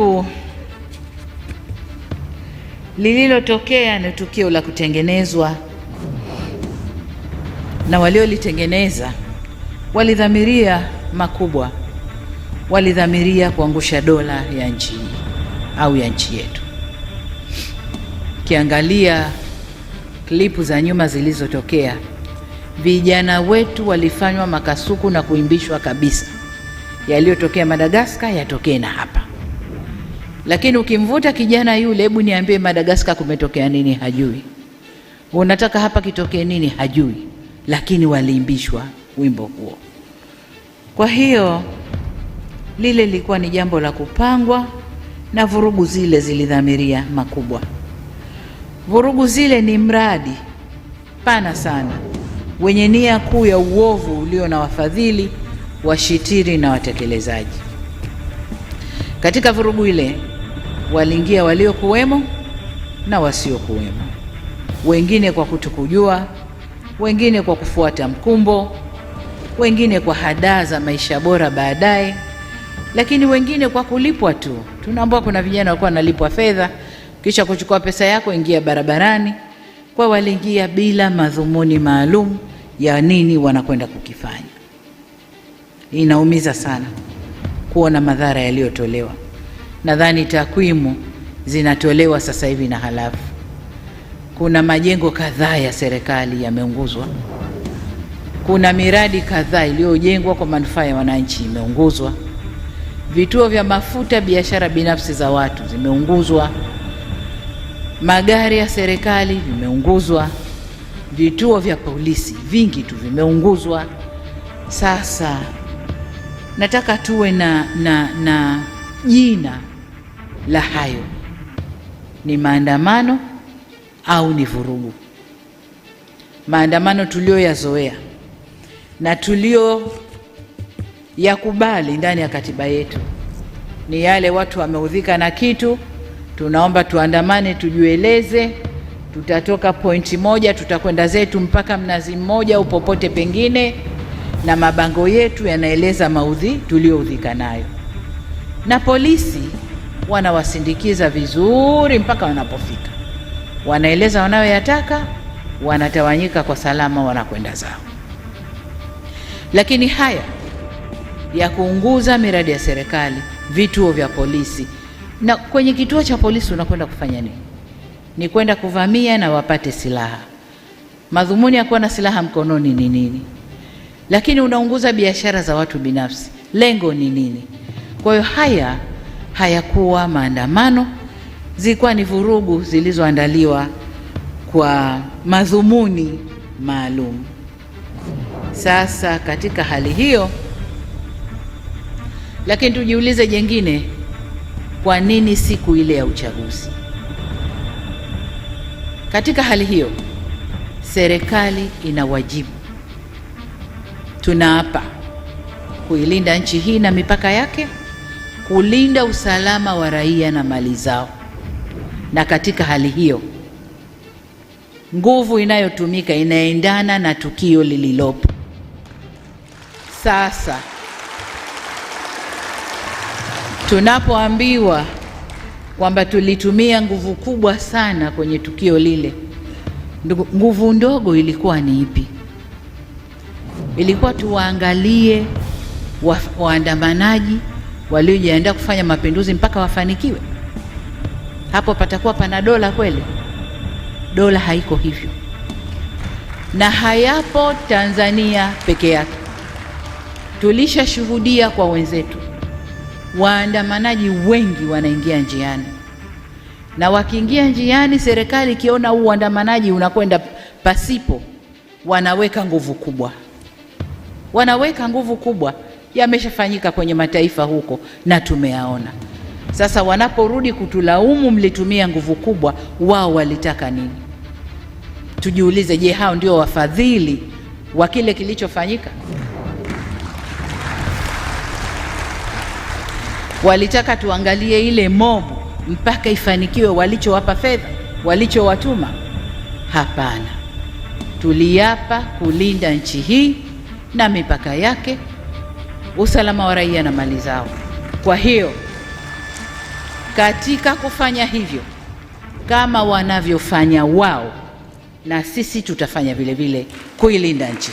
wangu, lililotokea ni tukio la kutengenezwa, na waliolitengeneza walidhamiria makubwa, walidhamiria kuangusha dola ya nchi au ya nchi yetu. Ukiangalia klipu za nyuma zilizotokea, vijana wetu walifanywa makasuku na kuimbishwa kabisa. Yaliyotokea Madagaskar yatokee na hapa. Lakini ukimvuta kijana yule, hebu niambie, Madagaskar kumetokea nini? Hajui. Unataka hapa kitokee nini? Hajui. Lakini waliimbishwa wimbo huo. Kwa hiyo lile lilikuwa ni jambo la kupangwa, na vurugu zile zilidhamiria makubwa. Vurugu zile ni mradi pana sana wenye nia kuu ya uovu ulio na wafadhili, washitiri na watekelezaji. Katika vurugu ile waliingia waliokuwemo na wasiokuwemo, wengine kwa kutokujua, wengine kwa kufuata mkumbo, wengine kwa hadaa za maisha bora baadaye, lakini wengine kwa kulipwa tu. Tunaambua kuna vijana walikuwa wanalipwa fedha, kisha kuchukua pesa yako, ingia barabarani. Kwa waliingia bila madhumuni maalum ya nini wanakwenda kukifanya. Inaumiza sana kuona madhara yaliyotolewa nadhani takwimu zinatolewa sasa hivi na halafu, kuna majengo kadhaa ya serikali yameunguzwa, kuna miradi kadhaa iliyojengwa kwa manufaa ya wananchi imeunguzwa, vituo vya mafuta, biashara binafsi za watu zimeunguzwa, magari ya serikali vimeunguzwa, vituo vya polisi vingi tu vimeunguzwa. Sasa nataka tuwe na, na, na jina la hayo, ni maandamano au ni vurugu. Maandamano tuliyoyazoea na tulio yakubali ndani ya katiba yetu ni yale watu wameudhika na kitu, tunaomba tuandamane, tujueleze tutatoka pointi moja, tutakwenda zetu mpaka Mnazi Mmoja au popote pengine, na mabango yetu yanaeleza maudhi tuliyoudhika nayo na polisi wanawasindikiza vizuri mpaka wanapofika, wanaeleza wanayoyataka, wanatawanyika kwa salama, wanakwenda zao. Lakini haya ya kuunguza miradi ya serikali, vituo vya polisi, na kwenye kituo cha polisi unakwenda kufanya nini? Ni kwenda kuvamia na wapate silaha. Madhumuni ya kuwa na silaha mkononi ni nini? Lakini unaunguza biashara za watu binafsi, lengo ni nini? Kwa hiyo haya hayakuwa maandamano, zilikuwa ni vurugu zilizoandaliwa kwa madhumuni maalum. Sasa katika hali hiyo, lakini tujiulize jengine, kwa nini siku ile ya uchaguzi? Katika hali hiyo, serikali ina wajibu, tunaapa kuilinda nchi hii na mipaka yake kulinda usalama wa raia na mali zao. Na katika hali hiyo, nguvu inayotumika inaendana na tukio lililopo. Sasa tunapoambiwa kwamba tulitumia nguvu kubwa sana kwenye tukio lile, nguvu ndogo ilikuwa ni ipi? Ilikuwa tuwaangalie wa, waandamanaji waliojiandaa kufanya mapinduzi mpaka wafanikiwe? Hapo patakuwa pana dola kweli? Dola haiko hivyo, na hayapo Tanzania peke yake. Tulishashuhudia kwa wenzetu, waandamanaji wengi wanaingia njiani, na wakiingia njiani, serikali ikiona huu uandamanaji unakwenda pasipo, wanaweka nguvu kubwa, wanaweka nguvu kubwa yameshafanyika kwenye mataifa huko na tumeyaona. Sasa wanaporudi kutulaumu, mlitumia nguvu kubwa, wao walitaka nini? Tujiulize, je, hao ndio wafadhili wa kile kilichofanyika? Walitaka tuangalie ile mobu mpaka ifanikiwe walichowapa fedha, walichowatuma? Hapana, tuliapa kulinda nchi hii na mipaka yake usalama wa raia na mali zao. Kwa hiyo katika kufanya hivyo, kama wanavyofanya wao, na sisi tutafanya vile vile kuilinda nchi.